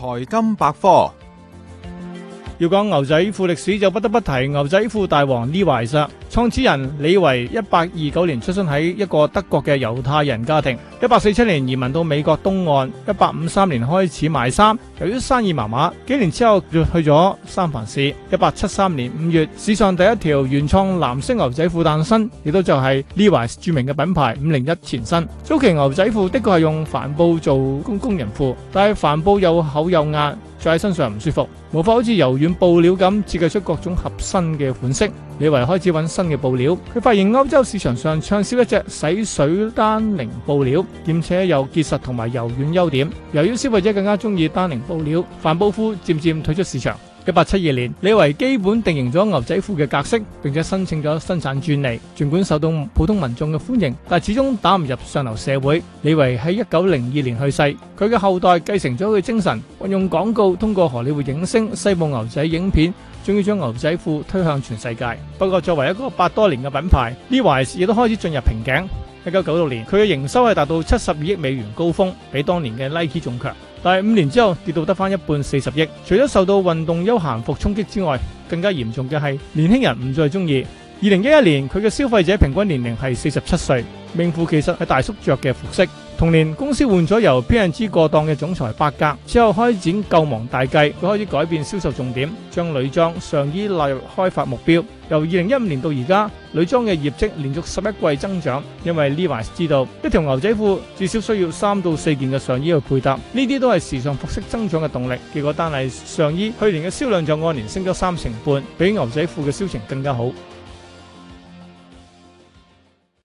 財金百科。要講牛仔褲歷史，就不得不提牛仔褲大王 Levi's 創始人李維。一八二九年出生喺一個德國嘅猶太人家庭。一八四七年移民到美國東岸。一八五三年開始賣衫，由於生意麻麻，幾年之後就去咗三藩市。一八七三年五月，史上第一條原創藍色牛仔褲誕生，亦都就係 Levi's 著名嘅品牌五零一前身。早期牛仔褲的確係用帆布做工工人褲，但係帆布又厚又硬。着喺身上唔舒服，無法好似柔軟布料咁設計出各種合身嘅款式。李維開始揾新嘅布料，佢發現歐洲市場上暢銷一隻洗水丹寧布料，兼且有結實同埋柔軟優點。由於消費者更加中意丹寧布料，范布夫漸漸退出市場。一八七二年，李維基本定型咗牛仔褲嘅格式，並且申請咗生產專利。盡管受到普通民眾嘅歡迎，但始終打唔入上流社會。李維喺一九零二年去世，佢嘅後代繼承咗佢精神，運用廣告通過荷里活影星、西部牛仔影片，終於將牛仔褲推向全世界。不過，作為一個百多年嘅品牌，李維亦都開始進入瓶頸。一九九六年，佢嘅營收係達到七十二億美元高峰，比當年嘅 Nike 仲強。但係五年之後跌到得返一半四十億，除咗受到運動休閒服衝擊之外，更加嚴重嘅係年輕人唔再鍾意。二零一一年佢嘅消費者平均年齡係四十七歲。，名副其實係大叔着嘅服飾。同年，公司換咗由 P N